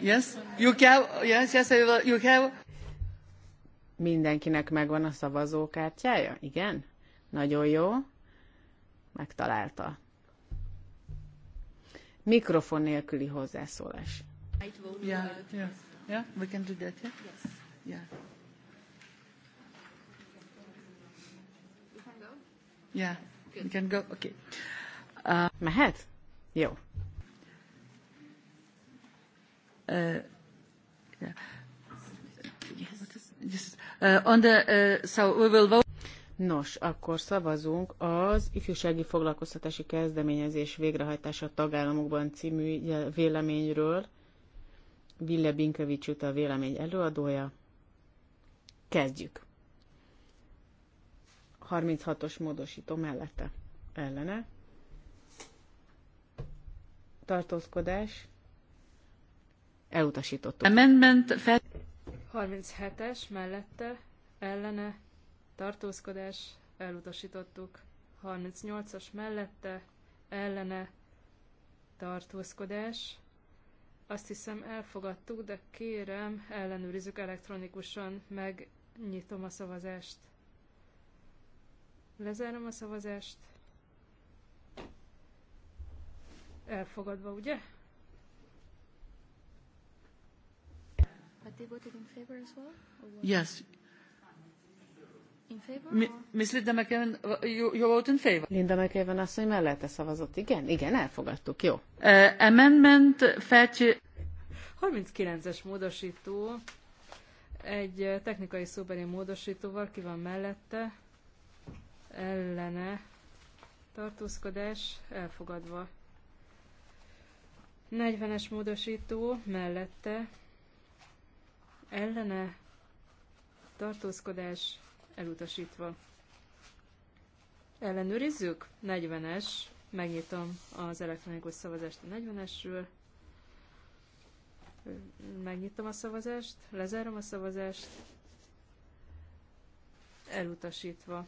Yes, you have, yes, yes, you have. Mindenkinek megvan a szavazókártyája? Igen? Nagyon jó. Megtalálta. Mikrofon nélküli hozzászólás. Yeah, yeah, yeah, we can do that, yeah? Yeah, you can go, okay. Mehet? Jó. Uh, uh, Nos, akkor szavazunk az ifjúsági foglalkoztatási kezdeményezés végrehajtása a tagállamokban című véleményről. Ville Binkevics a vélemény előadója. Kezdjük. 36-os módosító mellette. Ellene. Tartózkodás elutasítottuk. Amendment 37-es mellette ellene tartózkodás elutasítottuk. 38-as mellette ellene tartózkodás. Azt hiszem elfogadtuk, de kérem, ellenőrizzük elektronikusan, megnyitom a szavazást. Lezárom a szavazást. Elfogadva, ugye? they voted in favor as well? Or Yes. In favor? Mi, Miss Linda McEwen, uh, you, you vote in favor? Linda McEwen asszony mellette szavazott. Igen, igen, elfogadtuk, jó. Uh, amendment fetch... Uh, 39-es módosító, egy uh, technikai szóbeli módosítóval, ki van mellette, ellene, tartózkodás, elfogadva. 40-es módosító mellette ellene tartózkodás elutasítva. Ellenőrizzük? 40-es. Megnyitom az elektronikus szavazást a 40-esről. Megnyitom a szavazást, lezárom a szavazást. Elutasítva.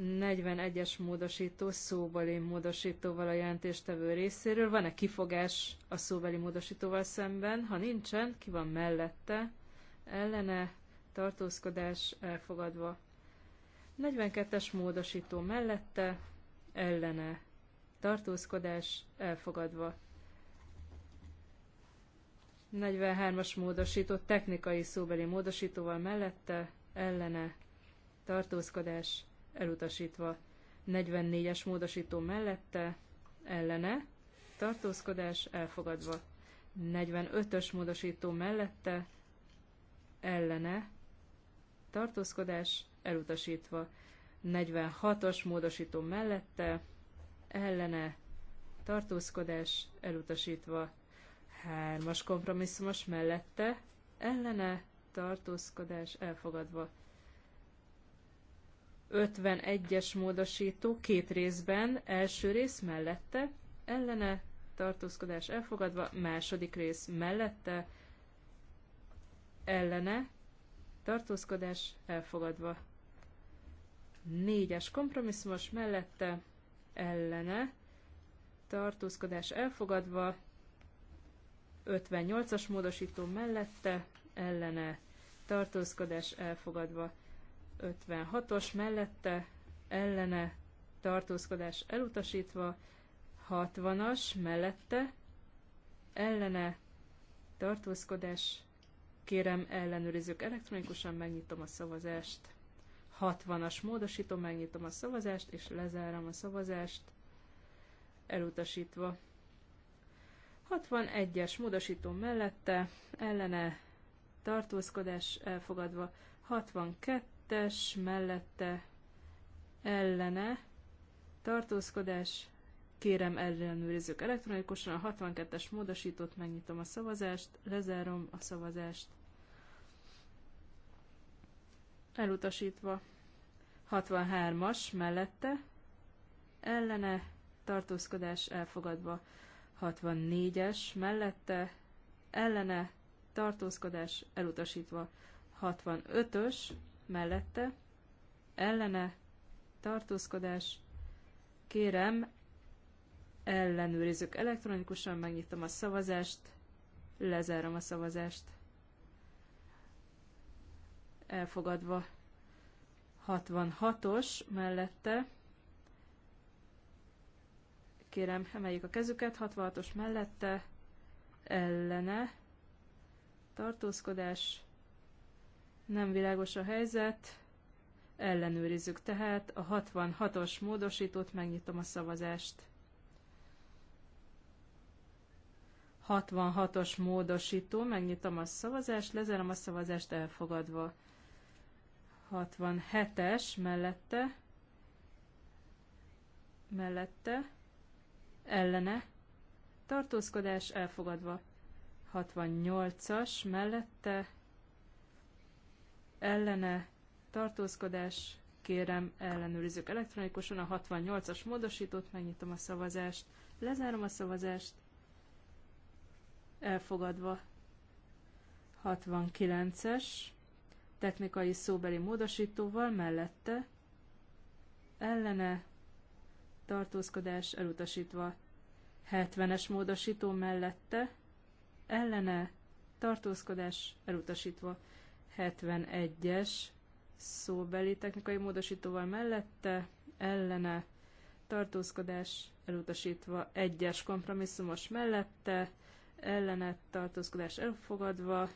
41-es módosító szóbeli módosítóval a jelentéstevő részéről. Van-e kifogás a szóbeli módosítóval szemben? Ha nincsen, ki van mellette? Ellene tartózkodás elfogadva. 42-es módosító mellette, ellene tartózkodás elfogadva. 43-as módosító technikai szóbeli módosítóval mellette, ellene tartózkodás elutasítva. 44-es módosító mellette, ellene, tartózkodás elfogadva. 45-ös módosító mellette, ellene, tartózkodás elutasítva. 46-os módosító mellette, ellene, tartózkodás elutasítva. 3-as kompromisszumos mellette, ellene, tartózkodás elfogadva. 51-es módosító két részben, első rész mellette, ellene, tartózkodás elfogadva, második rész mellette, ellene, tartózkodás elfogadva. Négyes kompromisszumos mellette, ellene, tartózkodás elfogadva, 58-as módosító mellette, ellene, tartózkodás elfogadva. 56-os mellette ellene tartózkodás elutasítva, 60-as mellette ellene tartózkodás, kérem ellenőrizzük elektronikusan, megnyitom a szavazást. 60-as módosítom, megnyitom a szavazást, és lezárom a szavazást, elutasítva. 61-es módosító mellette, ellene tartózkodás elfogadva, 62 2 mellette ellene tartózkodás. Kérem ellenőrizzük elektronikusan a 62-es módosítót, megnyitom a szavazást, lezárom a szavazást. Elutasítva. 63-as mellette ellene tartózkodás elfogadva. 64-es mellette ellene tartózkodás elutasítva. 65-ös mellette, ellene, tartózkodás, kérem, ellenőrizzük elektronikusan, megnyitom a szavazást, lezárom a szavazást. Elfogadva 66-os mellette, kérem, emeljük a kezüket, 66-os mellette, ellene, tartózkodás, nem világos a helyzet, ellenőrizzük tehát a 66-os módosítót, megnyitom a szavazást. 66-os módosító, megnyitom a szavazást, lezárom a szavazást elfogadva. 67-es mellette, mellette, ellene, tartózkodás elfogadva. 68-as mellette, ellene tartózkodás, kérem ellenőrizzük elektronikusan a 68-as módosítót, megnyitom a szavazást, lezárom a szavazást, elfogadva 69-es, technikai szóbeli módosítóval mellette, ellene tartózkodás elutasítva 70-es módosító mellette, ellene tartózkodás elutasítva 71-es szóbeli technikai módosítóval mellette, ellene tartózkodás elutasítva, 1-es kompromisszumos mellette, ellene tartózkodás elfogadva,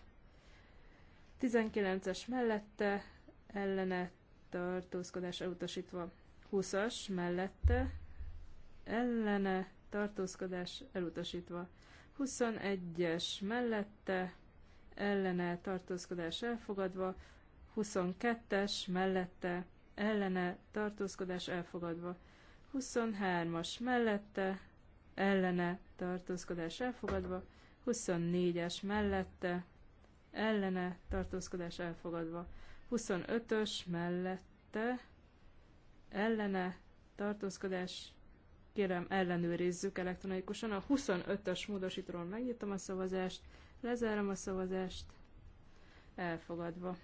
19-es mellette, ellene tartózkodás elutasítva, 20-as mellette, ellene tartózkodás elutasítva, 21-es mellette, ellene tartózkodás elfogadva, 22-es mellette ellene tartózkodás elfogadva, 23-as mellette ellene tartózkodás elfogadva, 24-es mellette ellene tartózkodás elfogadva, 25-ös mellette ellene tartózkodás kérem ellenőrizzük elektronikusan. A 25-ös módosítóról megnyitom a szavazást, Lezárom a szavazást. Elfogadva.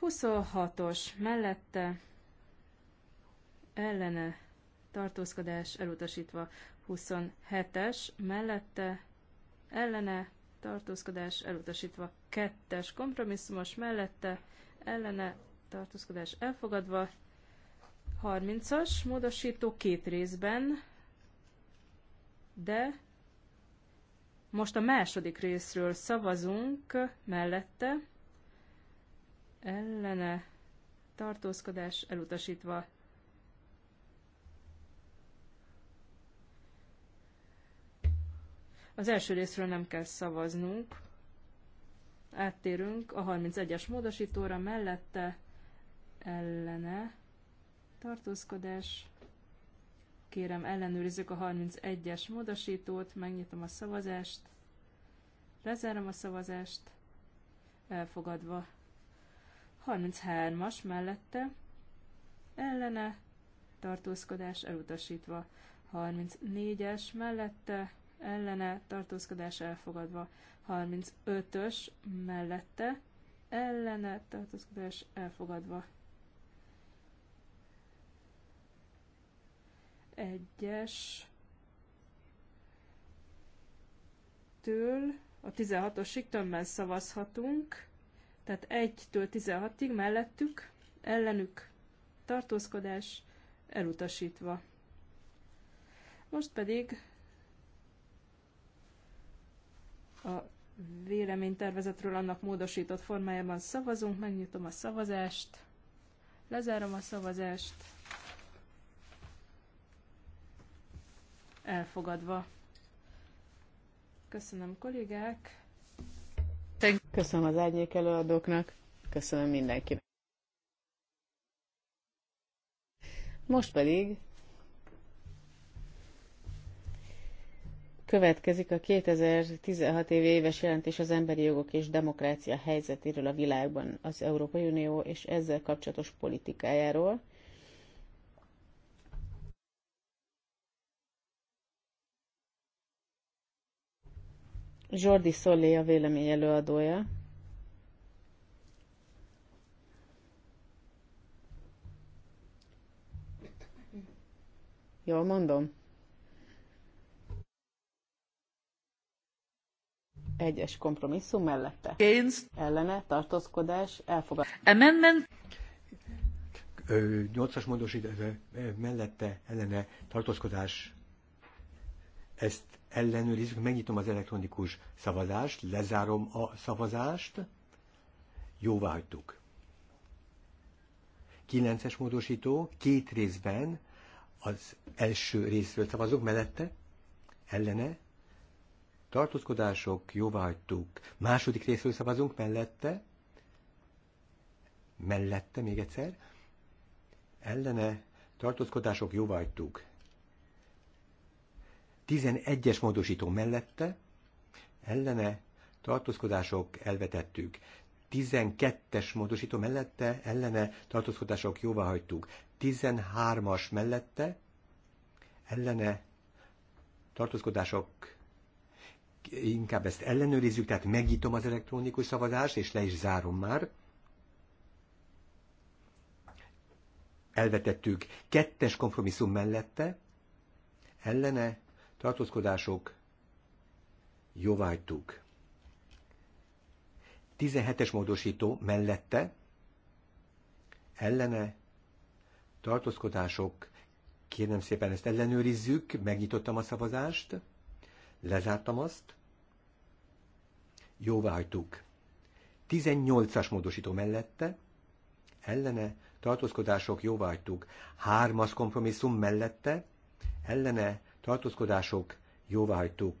26-os mellette ellene tartózkodás elutasítva. 27-es mellette ellene tartózkodás elutasítva. 2-es kompromisszumos mellette ellene tartózkodás elfogadva. 30-as módosító két részben, de most a második részről szavazunk mellette, ellene tartózkodás elutasítva. Az első részről nem kell szavaznunk. Áttérünk a 31-es módosítóra mellette ellene tartózkodás Kérem, ellenőrizzük a 31-es módosítót, megnyitom a szavazást, lezárom a szavazást, elfogadva. 33-as mellette, ellene, tartózkodás elutasítva. 34-es mellette, ellene, tartózkodás elfogadva. 35-ös mellette, ellene, tartózkodás elfogadva. 11 es től a 16-osig tömbben szavazhatunk, tehát 1-től 16-ig mellettük, ellenük tartózkodás elutasítva. Most pedig a véleménytervezetről annak módosított formájában szavazunk, megnyitom a szavazást, lezárom a szavazást, elfogadva. Köszönöm kollégák. Köszönöm az árnyék előadóknak, köszönöm mindenkinek. Most pedig következik a 2016 év éves jelentés az emberi jogok és demokrácia helyzetéről a világban az Európai Unió és ezzel kapcsolatos politikájáról. Jordi Solé a vélemény előadója. Jól mondom? Egyes kompromisszum mellette. Pénz. Ellene tartózkodás elfogad. Amendment. 8-as módosítás mellette ellene tartózkodás ezt ellenőrizzük, megnyitom az elektronikus szavazást, lezárom a szavazást, jóvá hagytuk. Kilences módosító, két részben, az első részről szavazok, mellette, ellene, tartózkodások, jóvá hagytuk. Második részről szavazunk, mellette, mellette még egyszer, ellene, tartózkodások, jóvá hagytuk. 11-es módosító mellette ellene tartózkodások elvetettük. 12-es módosító mellette ellene tartózkodások hagytuk. 13-as mellette ellene tartózkodások inkább ezt ellenőrizzük, tehát megnyitom az elektronikus szavazást, és le is zárom már. Elvetettük kettes kompromisszum mellette, ellene tartózkodások, jóvágytuk. 17-es módosító mellette, ellene, tartózkodások, kérem szépen ezt ellenőrizzük, megnyitottam a szavazást, lezártam azt, jóvágytuk. 18-as módosító mellette, ellene, tartózkodások, jóvágytuk. Hármas kompromisszum mellette, ellene, tartózkodások, jóváhagytuk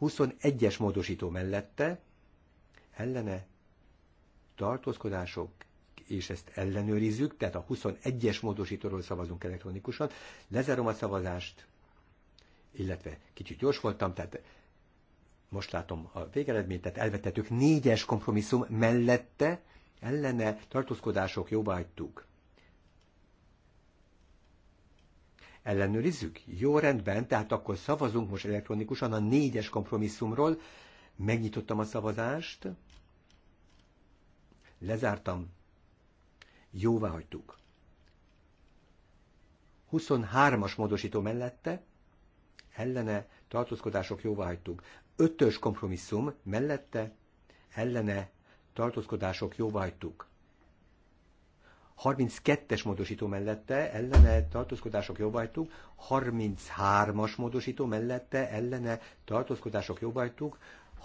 21-es módosító mellette, ellene tartózkodások, és ezt ellenőrizzük, tehát a 21-es módosítóról szavazunk elektronikusan. Lezárom a szavazást, illetve kicsit gyors voltam, tehát most látom a végeredményt, tehát elvetettük négyes kompromisszum mellette, ellene tartózkodások jóváhagytuk. ellenőrizzük? Jó, rendben, tehát akkor szavazunk most elektronikusan a négyes kompromisszumról. Megnyitottam a szavazást, lezártam, jóvá hagytuk. 23-as módosító mellette, ellene tartózkodások jóvá hagytuk. 5-ös kompromisszum mellette, ellene tartózkodások jóvá hagytuk. 32-es módosító mellette ellene tartózkodások jóvajtuk, 33-as módosító mellette ellene tartózkodások jóvajtuk,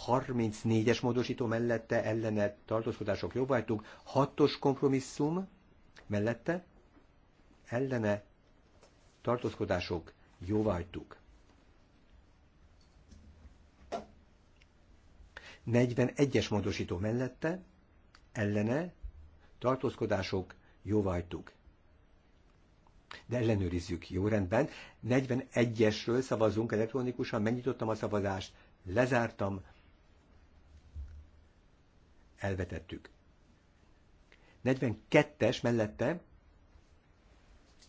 34-es módosító mellette ellene tartózkodások jóvajtuk, 6-os kompromisszum mellette ellene tartózkodások jóváhagytuk. 41-es módosító mellette ellene tartózkodások jóváhagytuk. De ellenőrizzük, jó rendben. 41-esről szavazunk elektronikusan, megnyitottam a szavazást, lezártam, elvetettük. 42-es mellette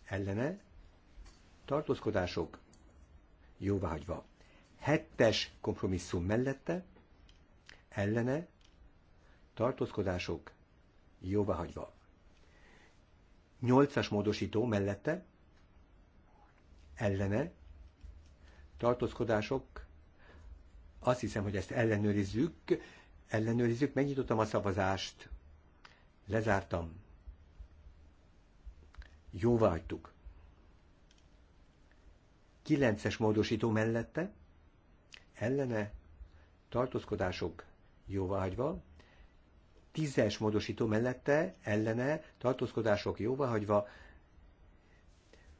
ellene tartózkodások jóváhagyva. 7-es kompromisszum mellette ellene tartózkodások jóváhagyva. 8-as módosító mellette, ellene, tartózkodások, azt hiszem, hogy ezt ellenőrizzük, ellenőrizzük, megnyitottam a szavazást, lezártam, jóvá hagytuk. 9-es módosító mellette, ellene, tartózkodások, jóváhagyva, tízes módosító mellette ellene tartózkodások jóváhagyva,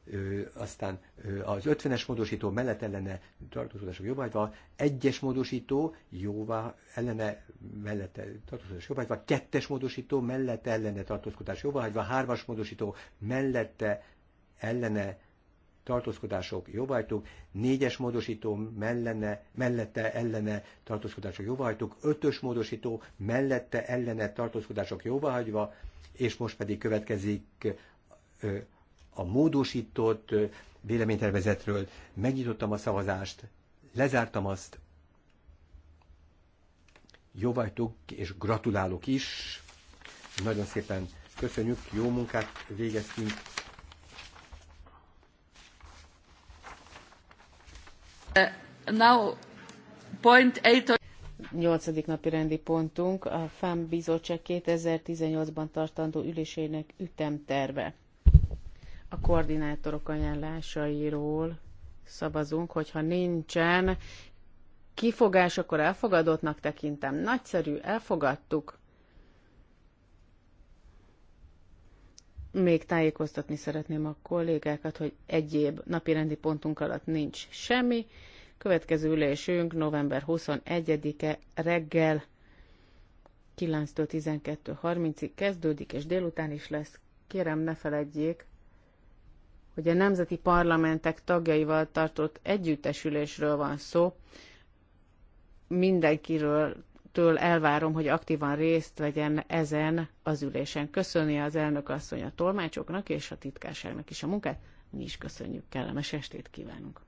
ö, aztán ö, az ötvenes módosító mellett ellene tartózkodások jobbágyva, egyes módosító jóvá ellene mellette tartózkodás jobbágyva, kettes módosító mellett ellene tartózkodás jobbágyva, hármas módosító mellette ellene tartózkodások jóváhagytuk, négyes módosító mellene, mellette ellene tartózkodások jóváhagytuk, ötös módosító mellette ellene tartózkodások jóváhagyva, és most pedig következik a módosított véleménytervezetről. Megnyitottam a szavazást, lezártam azt, jóváhagytuk, és gratulálok is. Nagyon szépen köszönjük, jó munkát végeztünk Nyolcadik napi rendi pontunk a FAM bizottság 2018-ban tartandó ülésének ütemterve. A koordinátorok ajánlásairól szavazunk, hogyha nincsen kifogás, akkor elfogadottnak tekintem. Nagyszerű, elfogadtuk. Még tájékoztatni szeretném a kollégákat, hogy egyéb napirendi pontunk alatt nincs semmi, Következő ülésünk november 21-e reggel 9 12.30-ig kezdődik, és délután is lesz. Kérem, ne feledjék, hogy a nemzeti parlamentek tagjaival tartott együttesülésről van szó. Mindenkiről től elvárom, hogy aktívan részt vegyen ezen az ülésen. Köszönni az elnök asszony a tolmácsoknak és a titkárságnak is a munkát. Mi is köszönjük, kellemes estét kívánunk!